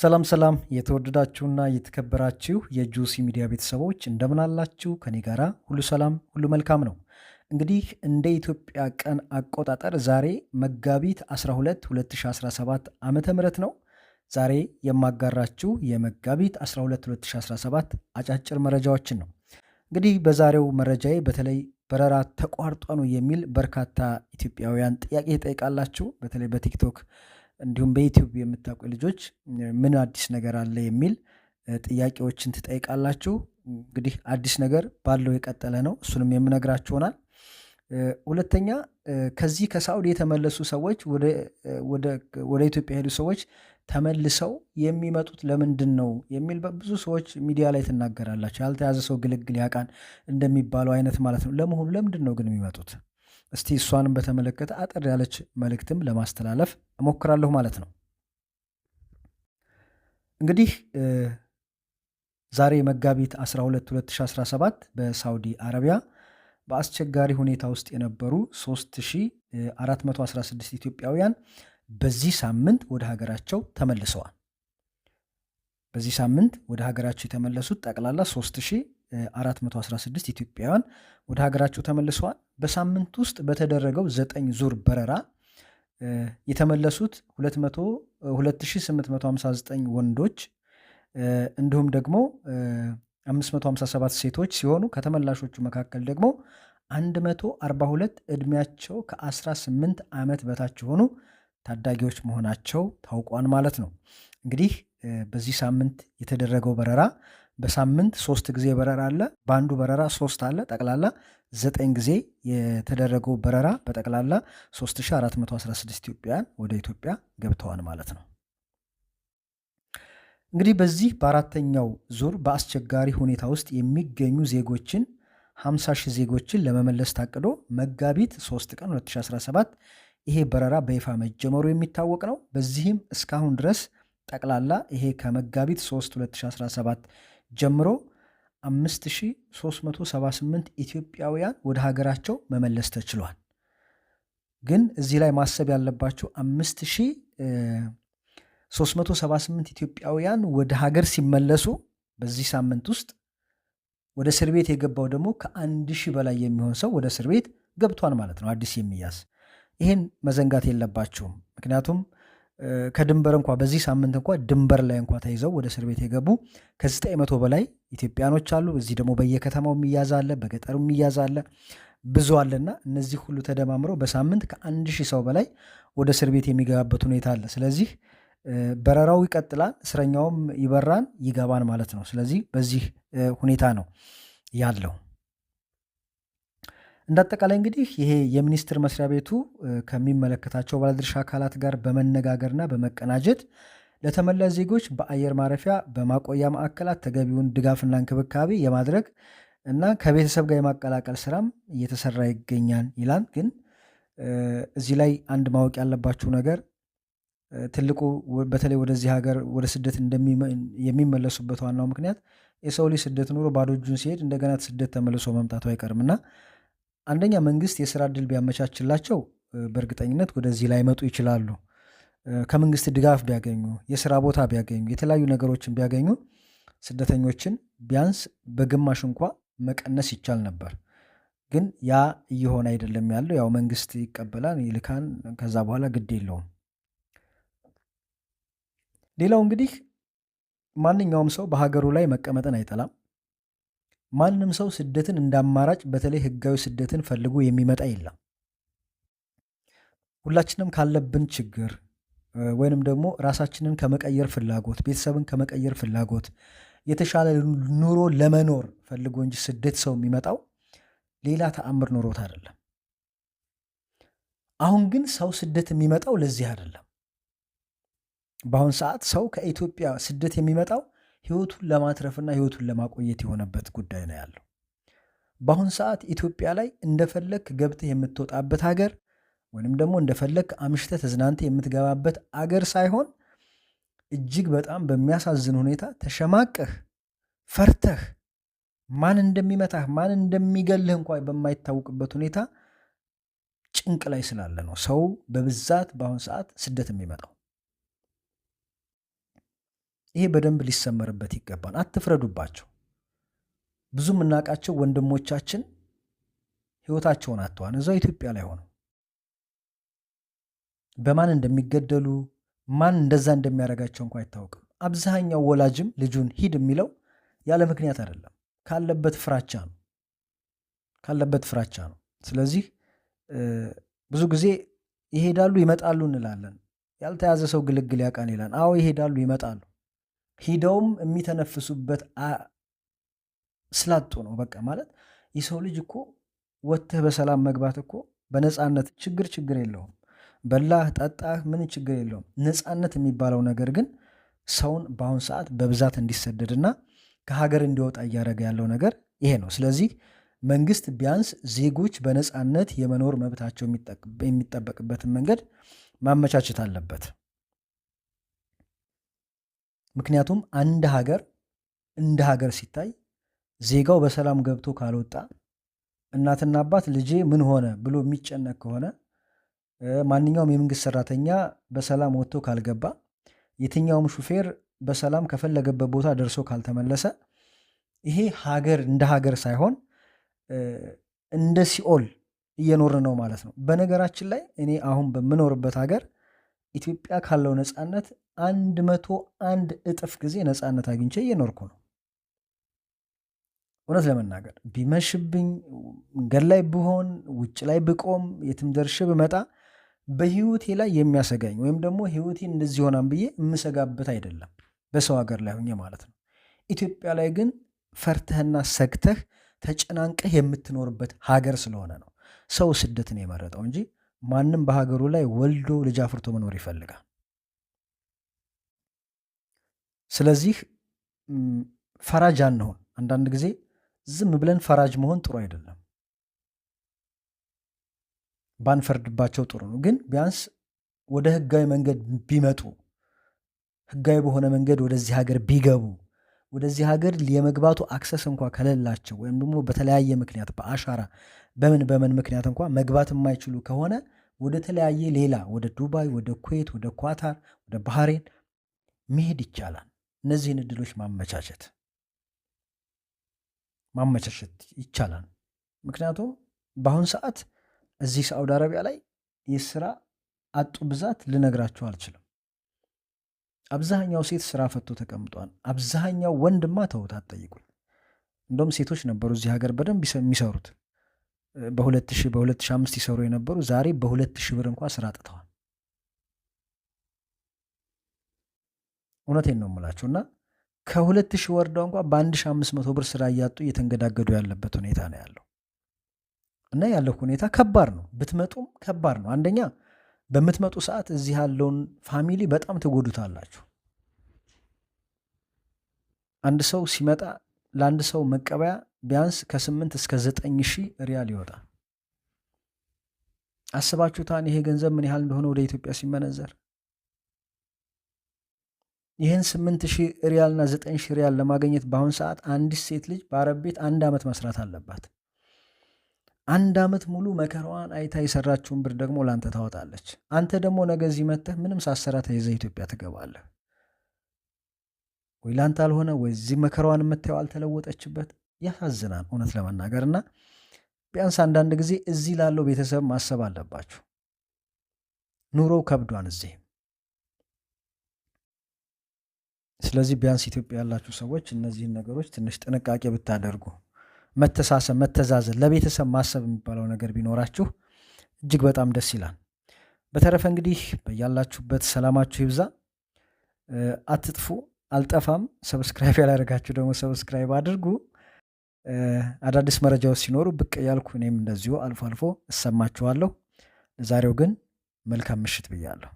ሰላም ሰላም የተወደዳችሁና የተከበራችሁ የጁሲ ሚዲያ ቤተሰቦች እንደምን አላችሁ? ከኔ ጋራ ሁሉ ሰላም፣ ሁሉ መልካም ነው። እንግዲህ እንደ ኢትዮጵያ ቀን አቆጣጠር ዛሬ መጋቢት 12 2017 ዓ ም ነው። ዛሬ የማጋራችሁ የመጋቢት 12 2017 አጫጭር መረጃዎችን ነው። እንግዲህ በዛሬው መረጃዬ በተለይ በረራ ተቋርጧ ነው የሚል በርካታ ኢትዮጵያውያን ጥያቄ ይጠይቃላችሁ። በተለይ በቲክቶክ እንዲሁም በዩቲዩብ የምታውቁ ልጆች ምን አዲስ ነገር አለ የሚል ጥያቄዎችን ትጠይቃላችሁ። እንግዲህ አዲስ ነገር ባለው የቀጠለ ነው። እሱንም የምነግራችሁ ይሆናል። ሁለተኛ ከዚህ ከሳዑዲ የተመለሱ ሰዎች ወደ ኢትዮጵያ የሄዱ ሰዎች ተመልሰው የሚመጡት ለምንድን ነው የሚል በብዙ ሰዎች ሚዲያ ላይ ትናገራላቸው ያልተያዘ ሰው ግልግል ያቃን እንደሚባለው አይነት ማለት ነው። ለመሆኑ ለምንድን ነው ግን የሚመጡት? እስቲ እሷንም በተመለከተ አጠር ያለች መልእክትም ለማስተላለፍ እሞክራለሁ ማለት ነው። እንግዲህ ዛሬ መጋቢት 12 2017 በሳውዲ አረቢያ በአስቸጋሪ ሁኔታ ውስጥ የነበሩ 3416 ኢትዮጵያውያን በዚህ ሳምንት ወደ ሀገራቸው ተመልሰዋል። በዚህ ሳምንት ወደ ሀገራቸው የተመለሱት ጠቅላላ 416 ኢትዮጵያውያን ወደ ሀገራቸው ተመልሰዋል። በሳምንት ውስጥ በተደረገው ዘጠኝ ዙር በረራ የተመለሱት 2859 ወንዶች እንዲሁም ደግሞ 557 ሴቶች ሲሆኑ ከተመላሾቹ መካከል ደግሞ 142 ዕድሜያቸው ከ18 ዓመት በታች የሆኑ ታዳጊዎች መሆናቸው ታውቋል ማለት ነው እንግዲህ በዚህ ሳምንት የተደረገው በረራ በሳምንት ሶስት ጊዜ በረራ አለ። በአንዱ በረራ ሶስት አለ። ጠቅላላ ዘጠኝ ጊዜ የተደረገው በረራ በጠቅላላ 3416 ኢትዮጵያውያን ወደ ኢትዮጵያ ገብተዋል ማለት ነው። እንግዲህ በዚህ በአራተኛው ዙር በአስቸጋሪ ሁኔታ ውስጥ የሚገኙ ዜጎችን 50 ሺህ ዜጎችን ለመመለስ ታቅዶ መጋቢት 3 ቀን 2017 ይሄ በረራ በይፋ መጀመሩ የሚታወቅ ነው። በዚህም እስካሁን ድረስ ጠቅላላ ይሄ ከመጋቢት 3 2017 ጀምሮ 5378 ኢትዮጵያውያን ወደ ሀገራቸው መመለስ ተችሏል። ግን እዚህ ላይ ማሰብ ያለባቸው 5378 ኢትዮጵያውያን ወደ ሀገር ሲመለሱ በዚህ ሳምንት ውስጥ ወደ እስር ቤት የገባው ደግሞ ከአንድ ሺህ በላይ የሚሆን ሰው ወደ እስር ቤት ገብቷል ማለት ነው። አዲስ የሚያዝ ይህን መዘንጋት የለባቸውም። ምክንያቱም ከድንበር እንኳ በዚህ ሳምንት እንኳ ድንበር ላይ እንኳ ተይዘው ወደ እስር ቤት የገቡ ከዘጠኝ መቶ በላይ ኢትዮጵያኖች አሉ። እዚህ ደግሞ በየከተማው የሚያዝ አለ፣ በገጠሩ የሚያዝ አለ፣ ብዙ አለና እነዚህ ሁሉ ተደማምረው በሳምንት ከአንድ ሺህ ሰው በላይ ወደ እስር ቤት የሚገባበት ሁኔታ አለ። ስለዚህ በረራው ይቀጥላል፣ እስረኛውም ይበራን ይገባን ማለት ነው። ስለዚህ በዚህ ሁኔታ ነው ያለው። እንደ አጠቃላይ እንግዲህ ይሄ የሚኒስቴር መስሪያ ቤቱ ከሚመለከታቸው ባለድርሻ አካላት ጋር በመነጋገርና በመቀናጀት ለተመላ ዜጎች በአየር ማረፊያ፣ በማቆያ ማዕከላት ተገቢውን ድጋፍና እንክብካቤ የማድረግ እና ከቤተሰብ ጋር የማቀላቀል ስራም እየተሰራ ይገኛል ይላል። ግን እዚህ ላይ አንድ ማወቅ ያለባችሁ ነገር ትልቁ በተለይ ወደዚህ ሀገር ወደ ስደት የሚመለሱበት ዋናው ምክንያት የሰው ልጅ ስደት ኑሮ ባዶ እጁን ሲሄድ እንደገና ስደት ተመልሶ መምጣቱ እና አንደኛ መንግስት የስራ እድል ቢያመቻችላቸው በእርግጠኝነት ወደዚህ ላይመጡ ይችላሉ። ከመንግስት ድጋፍ ቢያገኙ፣ የስራ ቦታ ቢያገኙ፣ የተለያዩ ነገሮችን ቢያገኙ ስደተኞችን ቢያንስ በግማሽ እንኳ መቀነስ ይቻል ነበር። ግን ያ እየሆነ አይደለም ያለው። ያው መንግስት ይቀበላል፣ ይልካን፣ ከዛ በኋላ ግድ የለውም። ሌላው እንግዲህ ማንኛውም ሰው በሀገሩ ላይ መቀመጥን አይጠላም። ማንም ሰው ስደትን እንዳማራጭ በተለይ ህጋዊ ስደትን ፈልጎ የሚመጣ የለም። ሁላችንም ካለብን ችግር ወይንም ደግሞ ራሳችንን ከመቀየር ፍላጎት፣ ቤተሰብን ከመቀየር ፍላጎት፣ የተሻለ ኑሮ ለመኖር ፈልጎ እንጂ ስደት ሰው የሚመጣው ሌላ ተአምር ኑሮት አይደለም። አሁን ግን ሰው ስደት የሚመጣው ለዚህ አይደለም። በአሁን ሰዓት ሰው ከኢትዮጵያ ስደት የሚመጣው ህይወቱን ለማትረፍና ህይወቱን ለማቆየት የሆነበት ጉዳይ ነው ያለው። በአሁን ሰዓት ኢትዮጵያ ላይ እንደፈለክ ገብተህ የምትወጣበት ሀገር ወይንም ደግሞ እንደፈለክ አምሽተህ ተዝናንተህ የምትገባበት አገር ሳይሆን እጅግ በጣም በሚያሳዝን ሁኔታ ተሸማቀህ ፈርተህ ማን እንደሚመታህ ማን እንደሚገልህ እንኳ በማይታወቅበት ሁኔታ ጭንቅ ላይ ስላለ ነው ሰው በብዛት በአሁን ሰዓት ስደት የሚመጣው። ይሄ በደንብ ሊሰመርበት ይገባል። አትፍረዱባቸው። ብዙ የምናውቃቸው ወንድሞቻችን ህይወታቸውን አጥተዋል። እዛው ኢትዮጵያ ላይ ሆነው በማን እንደሚገደሉ ማን እንደዛ እንደሚያደርጋቸው እንኳ አይታወቅም። አብዛኛው ወላጅም ልጁን ሂድ የሚለው ያለ ምክንያት አይደለም፣ ካለበት ፍራቻ ነው ካለበት ፍራቻ ነው። ስለዚህ ብዙ ጊዜ ይሄዳሉ ይመጣሉ እንላለን። ያልተያዘ ሰው ግልግል ያውቃል ይላል። አዎ ይሄዳሉ ይመጣሉ። ሂደውም የሚተነፍሱበት ስላጡ ነው። በቃ ማለት የሰው ልጅ እኮ ወጥተህ በሰላም መግባት እኮ በነፃነት ችግር ችግር የለውም። በላህ ጠጣህ፣ ምን ችግር የለውም። ነፃነት የሚባለው ነገር ግን ሰውን በአሁን ሰዓት በብዛት እንዲሰደድና ከሀገር እንዲወጣ እያደረገ ያለው ነገር ይሄ ነው። ስለዚህ መንግስት ቢያንስ ዜጎች በነፃነት የመኖር መብታቸው የሚጠበቅበትን መንገድ ማመቻቸት አለበት። ምክንያቱም አንድ ሀገር እንደ ሀገር ሲታይ ዜጋው በሰላም ገብቶ ካልወጣ እናትና አባት ልጄ ምን ሆነ ብሎ የሚጨነቅ ከሆነ ማንኛውም የመንግስት ሰራተኛ በሰላም ወጥቶ ካልገባ የትኛውም ሹፌር በሰላም ከፈለገበት ቦታ ደርሶ ካልተመለሰ ይሄ ሀገር እንደ ሀገር ሳይሆን እንደ ሲኦል እየኖርን ነው ማለት ነው። በነገራችን ላይ እኔ አሁን በምኖርበት ሀገር ኢትዮጵያ ካለው ነፃነት አንድ መቶ አንድ እጥፍ ጊዜ ነፃነት አግኝቼ እየኖርኩ ነው። እውነት ለመናገር ቢመሽብኝ፣ መንገድ ላይ ብሆን፣ ውጭ ላይ ብቆም፣ የትም ደርሼ ብመጣ በህይወቴ ላይ የሚያሰጋኝ ወይም ደግሞ ህይወቴ እንደዚህ ሆናም ብዬ የምሰጋበት አይደለም፣ በሰው ሀገር ላይ ሆኜ ማለት ነው። ኢትዮጵያ ላይ ግን ፈርተህና ሰግተህ ተጨናንቀህ የምትኖርበት ሀገር ስለሆነ ነው ሰው ስደትን የመረጠው እንጂ ማንም በሀገሩ ላይ ወልዶ ልጅ አፍርቶ መኖር ይፈልጋል። ስለዚህ ፈራጅ አንሆን። አንዳንድ ጊዜ ዝም ብለን ፈራጅ መሆን ጥሩ አይደለም። ባንፈርድባቸው ጥሩ ነው። ግን ቢያንስ ወደ ህጋዊ መንገድ ቢመጡ፣ ህጋዊ በሆነ መንገድ ወደዚህ ሀገር ቢገቡ ወደዚህ ሀገር የመግባቱ አክሰስ እንኳ ከሌላቸው ወይም ደግሞ በተለያየ ምክንያት በአሻራ በምን በምን ምክንያት እንኳ መግባት የማይችሉ ከሆነ ወደ ተለያየ ሌላ ወደ ዱባይ፣ ወደ ኩዌት፣ ወደ ኳታር፣ ወደ ባህሬን መሄድ ይቻላል። እነዚህን እድሎች ማመቻቸት ማመቻቸት ይቻላል። ምክንያቱም በአሁን ሰዓት እዚህ ሳዑዲ አረቢያ ላይ የስራ አጡ ብዛት ልነግራቸው አልችልም። አብዛኛው ሴት ስራ ፈቶ ተቀምጧል። አብዛኛው ወንድማ ተውት አትጠይቁኝ። እንደውም ሴቶች ነበሩ እዚህ ሀገር በደንብ የሚሰሩት በ2000 በ2005 ይሰሩ የነበሩ ዛሬ በ2000 ብር እንኳ ስራ ጥተዋል። እውነቴን ነው የምላቸው እና ከ2000 ወርደው እንኳ በ1500 ብር ስራ እያጡ እየተንገዳገዱ ያለበት ሁኔታ ነው ያለው እና ያለው ሁኔታ ከባድ ነው። ብትመጡም ከባድ ነው። አንደኛ በምትመጡ ሰዓት እዚህ ያለውን ፋሚሊ በጣም ትጎዱታላችሁ። አንድ ሰው ሲመጣ ለአንድ ሰው መቀበያ ቢያንስ ከስምንት እስከ ዘጠኝ ሺህ ሪያል ይወጣል። አስባችሁታን ይሄ ገንዘብ ምን ያህል እንደሆነ ወደ ኢትዮጵያ ሲመነዘር ይህን ስምንት ሺህ ሪያልና ዘጠኝ ሺህ ሪያል ለማግኘት በአሁን ሰዓት አንዲት ሴት ልጅ በአረብ ቤት አንድ ዓመት መስራት አለባት። አንድ ዓመት ሙሉ መከራዋን አይታ የሰራችውን ብር ደግሞ ለአንተ ታወጣለች። አንተ ደግሞ ነገ እዚህ መጥተህ ምንም ሳሰራ ተይዘህ ኢትዮጵያ ትገባለህ። ወይ ለአንተ አልሆነ፣ ወይ እዚህ መከራዋን የምታየው አልተለወጠችበት። ያሳዝናል እውነት ለመናገር እና ቢያንስ አንዳንድ ጊዜ እዚህ ላለው ቤተሰብ ማሰብ አለባችሁ። ኑሮው ከብዷን እዚህ ስለዚህ ቢያንስ ኢትዮጵያ ያላችሁ ሰዎች እነዚህን ነገሮች ትንሽ ጥንቃቄ ብታደርጉ መተሳሰብ፣ መተዛዘን፣ ለቤተሰብ ማሰብ የሚባለው ነገር ቢኖራችሁ እጅግ በጣም ደስ ይላል። በተረፈ እንግዲህ በያላችሁበት ሰላማችሁ ይብዛ። አትጥፉ፣ አልጠፋም። ሰብስክራይብ ያላደረጋችሁ ደግሞ ሰብስክራይብ አድርጉ። አዳዲስ መረጃዎች ሲኖሩ ብቅ እያልኩ እኔም እንደዚሁ አልፎ አልፎ እሰማችኋለሁ። ለዛሬው ግን መልካም ምሽት ብያለሁ።